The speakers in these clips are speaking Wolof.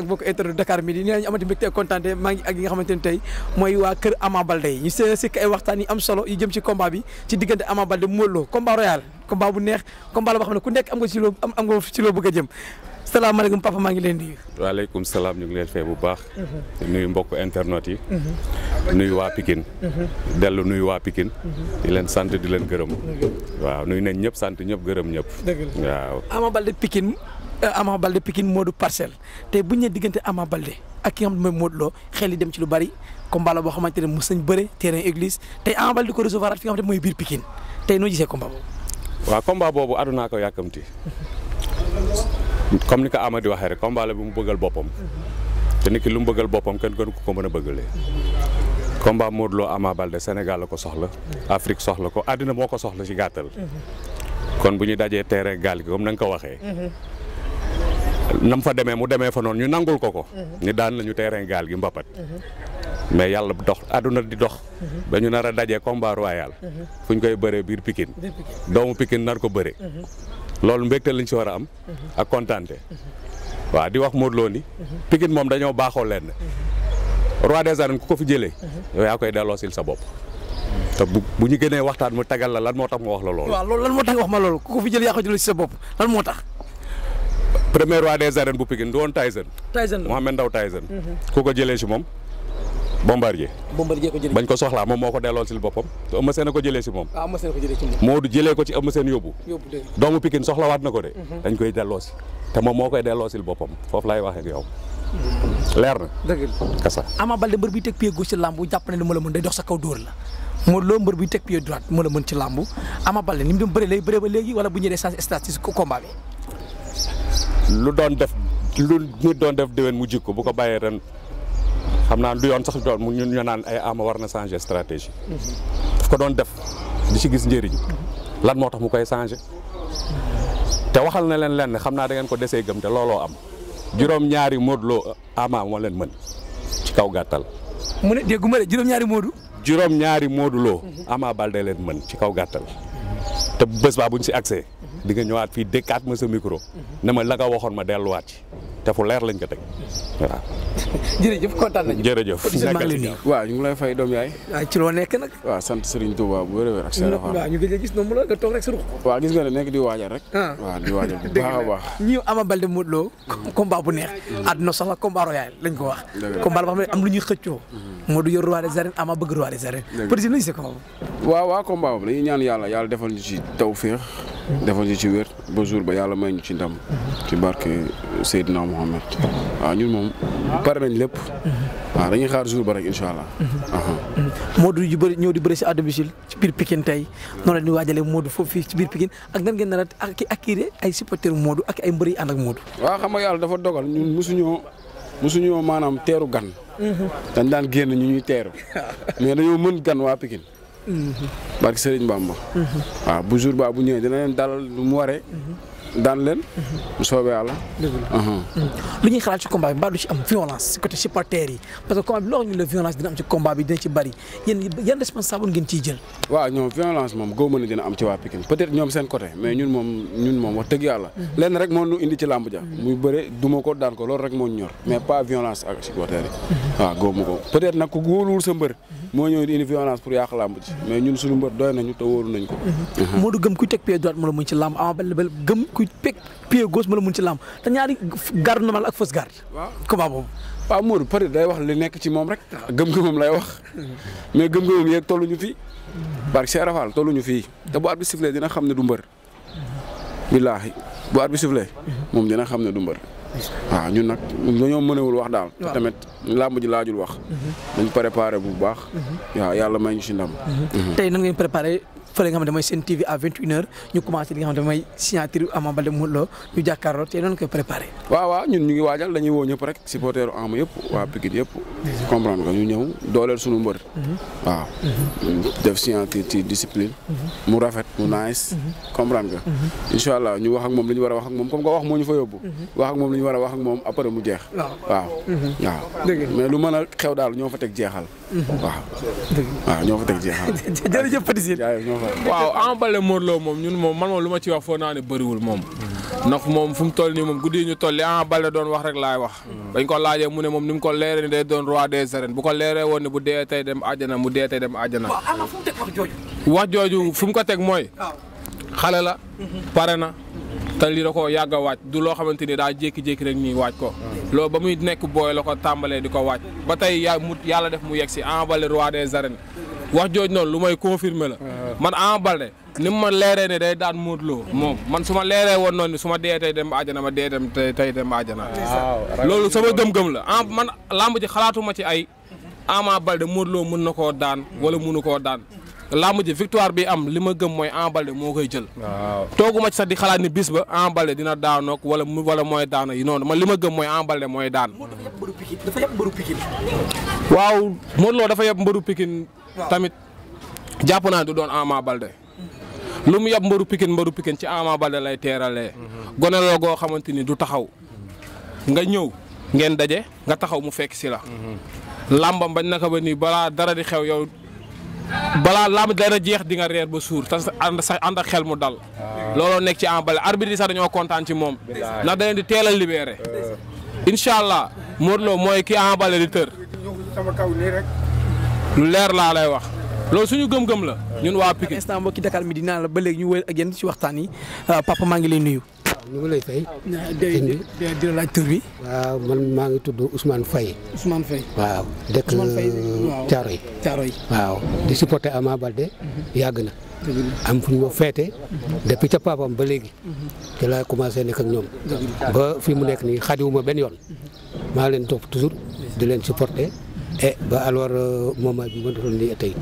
ak mbokk internet Dakar Midi nii la ñu amati mbégte kontaan maa ngi ak yi nga xamante ni tey mooy waa kër Ama Baldé ñu see sikk ay waxtaan yi am solo yu jëm ci combat bi ci diggante Ama Baldé Modou Lô royal combat bu neex combat la boo xam ne ku nekk am nga ci loo am am nga ci loo a jëm salaamaaleykum papa maa ngi leen di nuyu. waaleykum salaam ñu ngi leen fay bu baax. Mhm. nuyu mbokk internet yi. Mhm. nuyu waa Pikine. Mhm. dellu nuyu waa Pikine. di leen sant di leen gërëm. waaw nuyu nañ ñëpp sant ñëpp gërëm ñëpp. dëgg la waaw Ama Baldé Pikine Euh, Ama Balde Pikine Modou Parcelles tey bu ñu nee diggante Ama Balde ak ki nga xam ne mooy Modou Lo xel yi dem ci lu bari combat la boo xamante ne mu nañ bëre terrain église tey Ama Balde di ko recevoir at fi nga xam ne mooy biir pikin tey noo gisee combat boobu. waaw combat boobu àdduna ko yàkkamti ni ko Ama waxee rek combat la bi mu bëggal boppam te nit ki lu mu bëggal boppam kenn gënu ko ko mën a bëggale combat Modou Lo Ama Balde Sénégal la ko soxla Afrique soxla ko àddina moo ko soxla ci gàttal. Mhm. kon bu ñu dajee terrain g gi ko waxee. Mhm. nam fa demee mu demee fa noonu ñu nangul ko ko. Mhm. ni daan te terrain gaal gi mbapat. Mhm. mais yàlla bu dox àdduna di dox. Mhm. ba ñu nar a dajee combat royal. fu ñu koy bëree biir Pikine. doomu Pikine nar ko bëre. loolu mbégte lañ si war a am. a kontaante. waaw di wax Modou Lo ni. Pikine moom dañoo baaxoo lenn. roi des arènes ku ko fi jëlee. yaa koy delloosil sa bopp. te bu ñu gënee waxtaan mu tagal la lan moo tax mu wax la loolu. waaw loolu lan moo tax wax ma loolu ku ko fi tax. premier roi des arènes bu Pikine du woon Tyson. Tyson Mohamed Ndao Tyson. Mhm. ku ko jëlee si moom Bombardier. bañ ko soxlaa moom moo ko delloo si boppam moo ah, ko ci Eumeu mhm. boppam foofu laay waxee ak yow. Mhm. leer na. la kasa. Ama Baldé mbër bi teg pied gauche ci làmb jàpp ne lu ma la mën day dox sa kaw dóor la moo loo mbër bi teg pied droite moo la mën ci làmb Ama Baldé ni mu bëree lay bëree ba léegi wala bu ñëwee sens statistique combat lu doon def lu nit doon def déwén mu jikko bu ko bàyyee ren xam naa du yoon sax doon mu ñu naan ay ama war na changer stratégie ko doon def di ci gis njëriñ lan moo tax mu koy changer te na leen lenn xam naa da ko desee gëm te looloo am juróom-ñaari Modou Lo ama moo leen mën ci kaw gàttal mu ne dégguma de juróom-ñaari Modou juróom-ñaari Modou leen mën ci kaw gàttal te bés baa bu ñu si accès di nga ñëwaat fii dëkkaat ma sa micro. Mhm. ne ma la ka waxoon ma delluwaat ci. te fu leer lañ ko teg waaw. jërëjëf kontaan nañu. jërëjëf waaw ñu ngi lay fay doom yaay. waaw ci loo nekk nag. waa sant Serigne Touba bu wér a wér ak seen ñu gëj a gis noonu la nga toog rek sa ruq. waaw gis nga ne nekk di waajal rek. Ah. bu baax a baax. ñi Ama Baldé mm-hmm. lañ ko wax. combat la boo xam am lu ñuy xëccoo. Mm-hmm. Modou yor roi des arènes Ama bëgg roi des arènes. dëgg la ñaan yàlla yàlla defal ñu ci tawfeex defal ñu ci ba jour ba yàlla may ñu ci ndam. ci barke Seydina Mohamed. waaw ñun moom pare nañ lépp. waa dañuy xaar jour ba rek incha allah. Modou yu bëri ñëw di bëri si à domicile ci biir Pikine tey noonu la ñuy waajalee Modou foofu fii ci biir Pikine ak nan ngeen nar a ak acquérir ay supporteurs Modou ak ay mbër yi ànd ak Modou. waa xam nga yàlla dafa dogal ñun mosuñoo mosuñoo maanaam teeru gan. Mhm. dañ daan génn ñu ñuy teeru mais dañoo mën gan waa Pikine. barki Serigne Bamba. Mhm. waaw bu jour ba bu ñëwee dina leen dalal lu waree. Mhm. daan leen. bu soobee yàlla. lu ñuy xalaat ci combat bi mbaa du ci am violence ci côté supporters yi parce que combat bi loo xam la violence dina am ci combat bi dina ci bari yéen yan responsable ko daan ko mhm. mhm. ko wóoluwul sa mbër. Mhm. moo ñëw indi violence pour yàq làmb ji mais ñun suñu mbër doy nañu te wóolu nañ ko. kuy peg pied gauche mën a mun ci làmb te ñaari garde normal ak fausse garde. waaw combat boobu. waaw Modou peut day wax li nekk ci moom rek. gëm-gëmam lay wax. mais gëm-gëmam yeeg tolluñu fii. barke Cheikh Rafal tolluñu fii. te bu arbitre xam ne du mbër. billaahi bu arbitre sifflé. moom dina xam ne du mbër. waaw ñun nag dañoo mënewul wax daal. te tamit làmb ji laajul wax. Mhm. dañ préparé bu baax. Mhm. waaw yàlla may ñu si ndam. Mhm. tey nan ngeen préparé fële nga xam ne mooy seen TV à 21h ñu commencé li nga xam ne mooy signature Ama Baldé Modou Lô ñu jàkkaarloo te noonu koy préparé. waaw waaw ñun ñu ngi waajal dañuy woo ñëpp rek supporteru Ama yëpp waa Pikine yëpp. comprendre nga mhm. Mhm. Mhm. mu rafet mu nice. comprendre nga. incha allah ñu wax ak moom li war a wax ak moom comme wax moo ñu fa yóbbu. wax ak moom li ñu war a wax ak moom après mu jeex. waaw waaw. lu mën a xew daal ñoo fa teg jeexal. waaw. waaw ñoo fa teg jeexal. waaw Ama Baldé Modou Lo moom ñun moom man moom lu ma ci wax foo naa ne moom ndax moom fu mu toll nii moom guddi ñu toll li Ama Baldé doon wax rek laay wax bañ ko laajee mu ne moom ni mu ko leeree ni day doon roi des arènes bu ko leeree woon ne bu dee tey dem àjjana mu dee tey dem àjjana wax jooju fu mu ko teg mooy xale la mhm. pare na te lii da koo yàgg a waaj loo xamante ni daa jékki rek ñuy waaj ko hmm. loolu ba nekk booy la ko tàmbalee di ko waaj ba tey mu yàlla def mu yegg si Ama Baldé roi des arènes noonu lu may confirmer la hmm. man Ama Baldé ni mu ma leeree ne day daan Modou Lo moom man su ma leeree woon noonu su ma dee tey dem àjjana ma dem tey tey dem àjjana loolu sama gëm-gëm la ah man lamb ji xalaatuma ci ay Ama Baldé Modou Lo mën na koo daan wala mun mënu ko daan lamb ji victoire bi am li ma gëm mooy Ama Baldé moo koy jël toogu ma ci di xalaat ni bis ba Ama dina daanoog wala wala mooy daana yi noonu man li ma gëm mooy Ama Baldé mooy daan waaw Modou Lo dafa yeb mbëru Pikine tamit jàpp naa du doon Ama Balde lu mu yab mbaru Pikine mbaru Pikine ci Ama Balde lay teeralee. gone la goo xamante ni du taxaw nga ñëw ngeen daje nga taxaw mu fekk si la. làmbam bañ naka ba nii balaa dara di xew yow balaa làmb dara jeex di nga reer ba suur te ànd sax ànd ak xel mu dal. Ah. looloo nekk ci Ama Balde arbitre dañoo kontaan ci moom. na da leen di teel a libéré. Ah. incha allah Modou Lo mooy ki Ama Balde di tër. lu leer laa lay wax. loolu suñu gëm-gëm la euh, ñun waa Pikine. instant mbokki Dakar mi dinaa la ba léegi ñu wéy ak yéen ci waxtaan yi euh, papa maa ngi lay nuyu. ñu ngi lay fay. Ah, di la laaj tur bi. man maa ngi tudd Ousmane Faye. Ousmane Faye waaw. dëkk Thiaroye. yi waaw di supporter Ama Baldé mhm. yàgg na. am fu ñu ma feete. Mhm. depuis ca papam ba léegi. te mhm. laa commencé nekk ak ñoom. ba fi mu nekk nii xadiwuma benn yoon. maa leen topp toujours di leen supporter. e ba alors euh, moment bi ma doon nii tey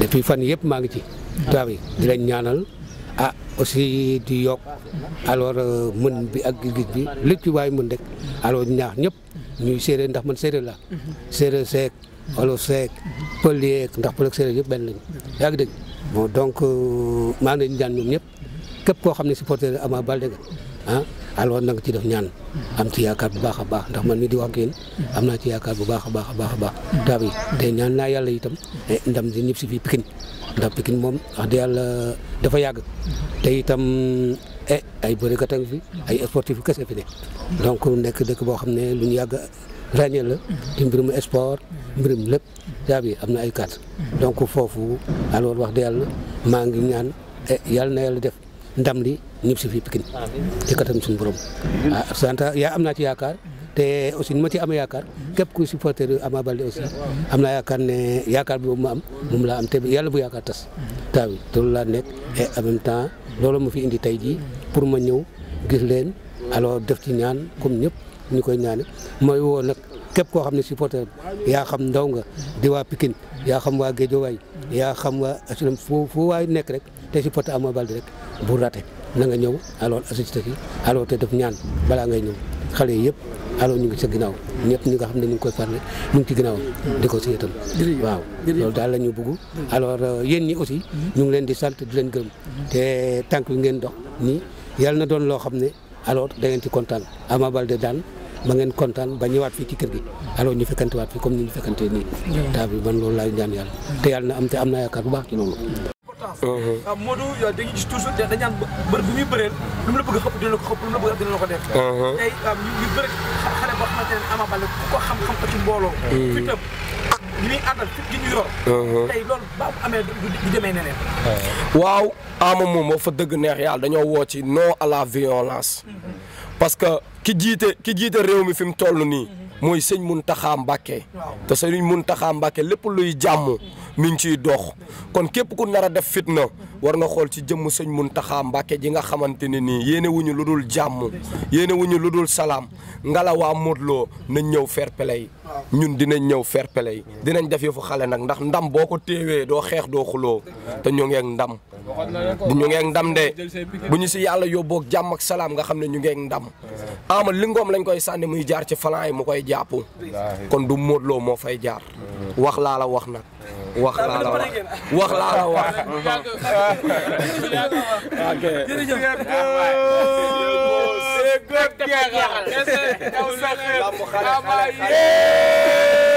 depuis fan yëpp maa ngi ci tubaab yi di leen ñaanal ah aussi di yokk alors euh, mën bi ak gis-gis bi lépp ci waay mën rek alors ñaax ñëpp ñuy séeréer ndax man séeréer la séeréer seek olof seek pël yeeg ndax pël ak séeréer yëpp benn lañ yaa ngi dégg donc euh, maa ngi leen ñoom ñëpp képp koo xam ne supporter Ama Baldé nga ah alors nag ci def ñaan am ci yaakaar bu baax a baax ndax man mi di wax ak yéen naa ci yaakaar bu baax a baax a baax a te ñaan naa yàlla itam eh, ndam di ñëpp si fii Pikine ndax Pikine moom wax dëgg yàlla dafa yàgg te itam eh, ay bërikat a ngi fi ay sportif kese fi ne donc nekk dëkk boo xam ne lu ñu yàgg ràññee la ci mbirum sport mbirum lépp daa bi am na ay carte donc foofu alors wax dëgg yàlla maa ngi ñaan eh, yàlla na yàlla def ndam li ñëpp si fii Pikine ci katam suñu borom ah santa yaa am naa ci yaakaar te aussi ni ma ci amee yaakaar képp kuy supporter Ama Baldé aussi am naa yaakaar ne yaakaar bi boobu ma am moom laa am te yàlla bu yaakaar tas taa wi loolu laa nekk et en même temps loolu ma fi indi tey jii pour ma ñëw gis leen alors def ci ñaan comme ñëpp ñu koy ñaane mooy woo nag képp koo xam ne supporter yaa xam ndaw nga di waa Pikine yaa xam waa Guédiawaye yaa xam waa asunam foo foo waay nekk rek te supporter Ama Baldé rek bu raté na nga ñëw alors assisté fi alors te def ñaan balaa ngay ñëw xale yi yëpp alors ñu ngi sa ginnaaw ñëpp ñi nga xam ne ñu ngi koy farle ñu ngi ci ginnaaw di ko siyatal waaw daal la ñu bëgg alors euh, ñi aussi mhm. ñu ngi leen di sant di leen gërëm te tànk bi ngeen dox nii yàlla na doon loo xam ne alors da ngeen ci kontaan Ama Baldé daan ba ngeen kontaan ba ñëwaat fii ci kër gi alors ñu fekkante waat fii comme ni ñu fekkante nii taa bi man loolu laay ñaan yàlla te yàlla na am te am naa yaakaar bu baax ci loolu euh, waaw lu mu la bëgg a xëpp dina la ko xam-xam ko ci mbooloo. Hmm. fi itam ak ñi muy àndal fi gi ñu yor. Uh-huh. tey loolu ba mu amee du demee neneen. Uh-huh. waaw Ama moom moo fa dëgg neex yàlla dañoo woo ci non à la violence. Mm-hmm. parce que ki jiite ki jiite réew mi fi mu toll nii mhm. mooy sëñ Muntaxa Mbàkke te sëñ Muntaxa Mbàkke lépp luy jàmm mi ngi ciy dox kon képp ku nar a def fitna war nga xool ci jëmm sëñ Muntaxa Mbàkke ji nga xamante ne nii yéene wuñu lu dul jàmm yéene wuñu lu dul salaam ngala waa Modou Lo ñëw fair ñun dinañ ñëw fair play dinañ def yëfu xale nag ndax ndam boo ko téewee doo xeex doo xuloo te ñu ngeeg ndam ñu ngeeg ndam de bu ñu si yàlla yóbbook jàmm ak salaam nga xam ne ñu ngeeg ndam ama li ngoom lañ koy sànni muy jaar ci falan yi mu koy jàpp kon du Modou moo fay jaar wax laa wax nag wax laa la wax wax laa la wax. ok.